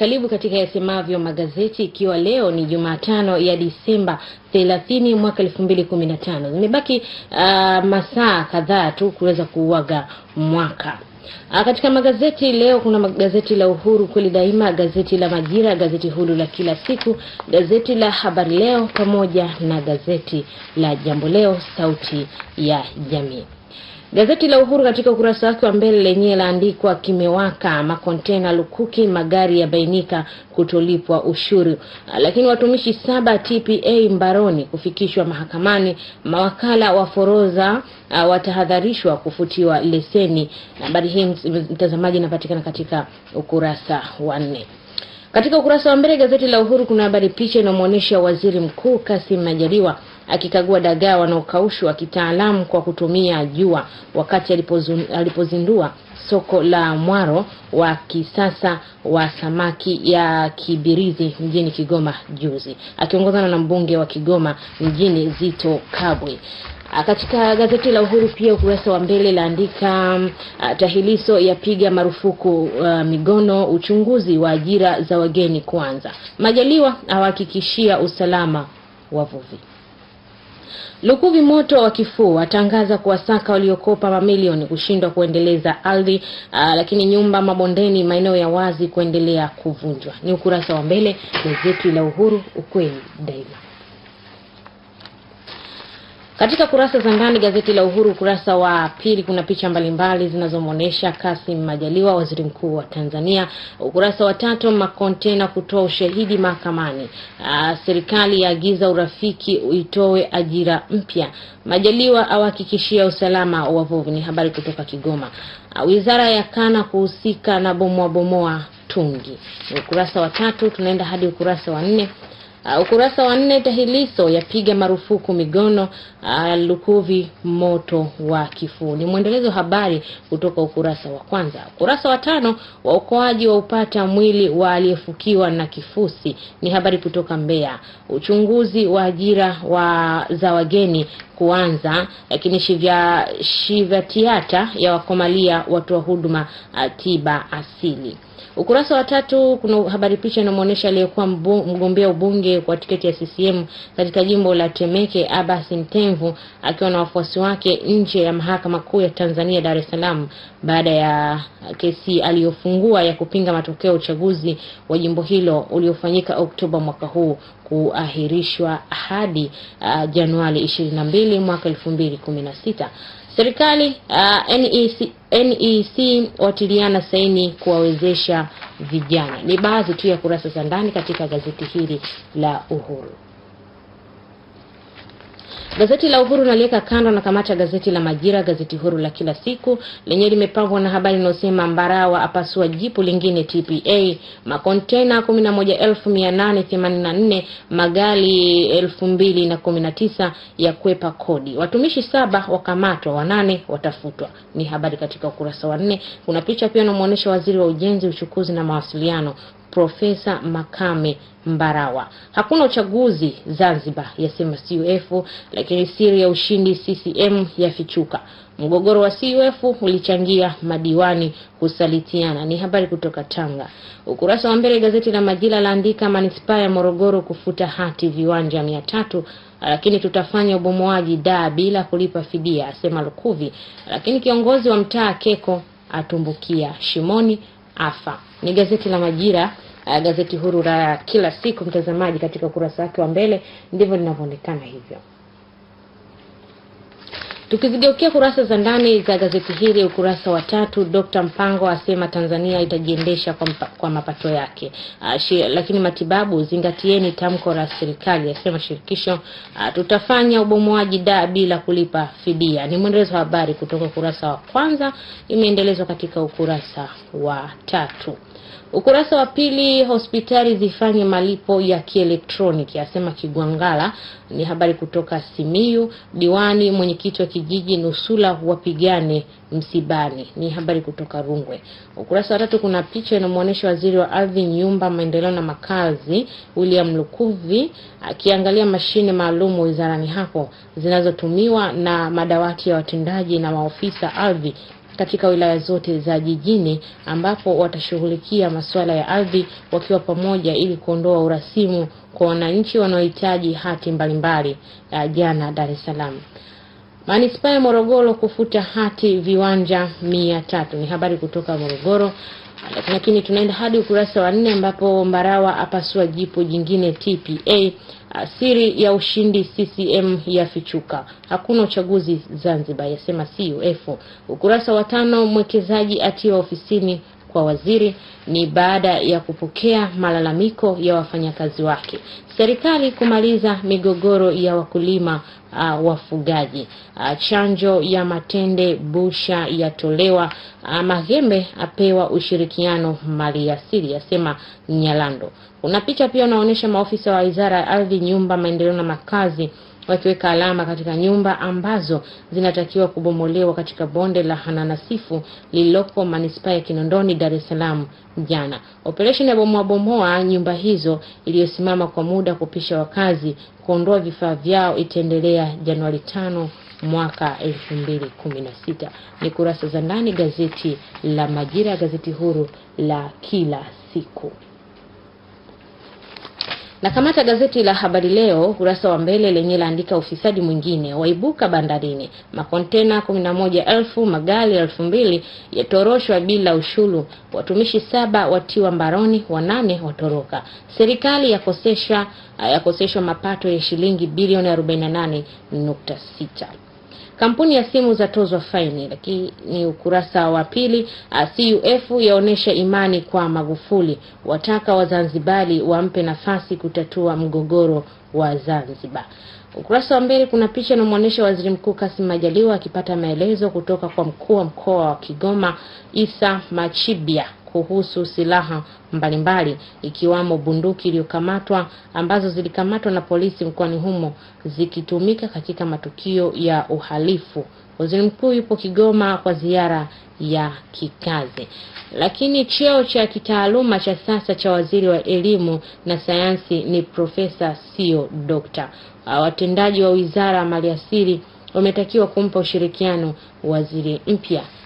Karibu katika yasemavyo magazeti, ikiwa leo ni Jumatano ya Disemba 30 mwaka 2015. Zimebaki uh, masaa kadhaa tu kuweza kuuaga mwaka. Ah, katika magazeti leo kuna gazeti la Uhuru, Kweli Daima, gazeti la Majira, gazeti huru la kila siku, gazeti la Habari Leo pamoja na gazeti la Jambo Leo, Sauti ya Jamii. Gazeti la Uhuru katika ukurasa wake wa mbele lenyewe laandikwa kimewaka, makontena lukuki, magari yabainika kutolipwa ushuru. Ah, lakini watumishi saba TPA mbaroni kufikishwa mahakamani, mawakala wa forodha uh, watahadharishwa kufutiwa leseni. habari hii mtazamaji, inapatikana katika ukurasa wa nne. Katika ukurasa wa mbele gazeti la Uhuru kuna habari, picha inayomwonyesha waziri mkuu Kassim Majaliwa akikagua dagaa wanaokaushwa kitaalamu kwa kutumia jua wakati alipozindua soko la mwaro wa kisasa wa samaki ya Kibirizi mjini Kigoma juzi, akiongozana na mbunge wa Kigoma mjini Zito Kabwe. Ah, katika gazeti la Uhuru pia ukurasa wa mbele laandika mm, ah, TAHILISO yapiga marufuku uh, migono, uchunguzi wa ajira za wageni kwanza. Majaliwa awahakikishia usalama wavuvi. Lukuvi Moto wa Kifuu atangaza kuwasaka waliokopa mamilioni kushindwa kuendeleza ardhi, ah, lakini nyumba mabondeni, maeneo ya wazi kuendelea kuvunjwa. Ni ukurasa wa mbele gazeti la Uhuru, ukweli daima. Katika kurasa za ndani gazeti la Uhuru ukurasa wa pili kuna picha mbalimbali zinazomwonyesha Kasim Majaliwa, waziri mkuu wa Tanzania. Ukurasa wa tatu, makontena kutoa ushahidi mahakamani. Ah, serikali yaagiza urafiki uitoe ajira mpya. Majaliwa awahakikishia usalama wavuvi. Ni habari kutoka Kigoma. A, ah, wizara kana kuhusika na bomoa bomoa Tungi. Ukurasa wa tatu tunaenda hadi ukurasa wa nne. Uh, ukurasa wa nne TAHILISO yapiga marufuku migono uh, Lukuvi moto wa ni Mwendelezo wa habari kutoka ukurasa wa kwanza. Ukurasa wa tano waokoaji wa upata mwili wa aliyefukiwa na kifusi, ni habari kutoka Mbeya. Uchunguzi wa ajira wa za wageni kuanza, lakini Shivya Shivya Tiata ya wakomalia watoa wa huduma uh, tiba asili. Ukurasa wa tatu kuna habari picha inamwonyesha aliyekuwa mgombea ubunge kwa tiketi ya CCM katika jimbo la Temeke Abbas Mtemvu akiwa na wafuasi wake nje ya mahakama kuu ya Tanzania Dar es Salaam baada ya kesi aliyofungua ya kupinga matokeo ya uchaguzi wa jimbo hilo uliofanyika Oktoba mwaka huu kuahirishwa hadi uh, Januari 22 Aprili mwaka 2016. Serikali uh, NEC, NEC watiliana saini kuwawezesha vijana. Ni baadhi tu ya kurasa za ndani katika gazeti hili la Uhuru. Gazeti la Uhuru naliweka kando na kamata gazeti la Majira, gazeti huru la kila siku lenye limepambwa na habari inayosema Mbarawa apasua jipu lingine TPA, makontena 11884 magari 2019 ya kwepa kodi, watumishi saba wakamatwa, wanane watafutwa. Ni habari katika ukurasa wa nne. Kuna picha pia inamwonyesha waziri wa ujenzi, uchukuzi na mawasiliano Profesa Makame Mbarawa. Hakuna uchaguzi Zanzibar, yasema CUF, lakini siri ya ushindi CCM yafichuka. Mgogoro wa CUF ulichangia madiwani kusalitiana. Ni habari kutoka Tanga. Ukurasa wa mbele gazeti la majila laandika manispaa ya Morogoro kufuta hati viwanja mia tatu lakini tutafanya ubomoaji daa bila kulipa fidia, asema Lukuvi. Lakini kiongozi wa mtaa Keko atumbukia shimoni afa. Ni gazeti la Majira, uh, gazeti huru la kila siku mtazamaji, katika ukurasa wake wa mbele ndivyo linavyoonekana hivyo. Tukizigeukia kurasa za ndani za gazeti hili, ukurasa wa tatu, Dr. Mpango asema Tanzania itajiendesha kwa, kwa mapato yake. Ah, shi, lakini matibabu zingatieni tamko la serikali, asema shirikisho. uh, tutafanya ubomoaji da bila kulipa fidia. Ni mwendelezo wa habari kutoka ukurasa wa kwanza, imeendelezwa katika ukurasa wa tatu. Ukurasa wa pili, hospitali zifanye malipo ya kielektroniki, asema Kigwangala. Ni habari kutoka Simiyu. Diwani mwenyekiti wa kijiji nusula wapigane msibani, ni habari kutoka Rungwe. Ukurasa wa tatu, kuna picha inamwonyesha waziri wa ardhi, nyumba, maendeleo na makazi William Lukuvi akiangalia mashine maalum wizarani hapo zinazotumiwa na madawati ya watendaji na maofisa ardhi katika wilaya zote za jijini ambapo watashughulikia masuala ya ardhi wakiwa pamoja ili kuondoa urasimu kwa wananchi wanaohitaji hati mbalimbali. Jana Dar es Salaam, manispaa ya Morogoro kufuta hati viwanja mia tatu. Ni habari kutoka Morogoro. Lakini tunaenda hadi ukurasa wa nne ambapo Mbarawa apasua jipo jingine TPA. Ah, siri ya ushindi CCM yafichuka, hakuna uchaguzi Zanzibar, yasema CUF. Ukurasa wa tano mwekezaji atiwa ofisini kwa waziri ni baada ya kupokea malalamiko ya wafanyakazi wake, serikali kumaliza migogoro ya wakulima a, uh, wafugaji. a, uh, chanjo ya matende busha yatolewa. Uh, mahembe Magembe apewa ushirikiano maliasili, yasema Nyalando. Kuna picha pia unaonyesha maofisa wa wizara ya ardhi, nyumba, maendeleo na makazi wakiweka alama katika nyumba ambazo zinatakiwa kubomolewa katika bonde la Hananasifu lililoko manispaa ya Kinondoni, Dar es Salaam jana. Operesheni ya bomoa bomoa nyumba hizo iliyosimama kwa muda kupisha wakazi kuondoa vifaa vyao itaendelea Januari tano mwaka 2016. Ni kurasa za ndani gazeti la Majira, gazeti huru la kila siku. Na kamata gazeti la Habari Leo kurasa wa mbele lenye laandika ufisadi mwingine waibuka bandarini, makontena 11,000 magari 2000 yatoroshwa bila ushuru, watumishi saba watiwa mbaroni, wanane watoroka, serikali yakosesha yakoseshwa mapato ya shilingi bilioni 48.6. Kampuni ya simu zatozwa faini, lakini ukurasa wa pili ah, CUF yaonyesha imani kwa Magufuli, wataka Wazanzibari wampe nafasi kutatua mgogoro wa Zanzibar. Ukurasa wa mbele kuna picha inamwonyesha Waziri Mkuu Kassim Majaliwa akipata maelezo kutoka kwa mkuu wa mkoa wa Kigoma Isa Machibia kuhusu silaha mbalimbali ikiwamo bunduki iliyokamatwa ambazo zilikamatwa na polisi mkoani humo zikitumika katika matukio ya uhalifu. Waziri mkuu yupo Kigoma kwa ziara ya kikazi. Lakini cheo cha kitaaluma cha sasa cha waziri wa elimu na sayansi ni profesa, sio dokta. Ah, watendaji wa wizara ya maliasili wametakiwa kumpa ushirikiano waziri mpya.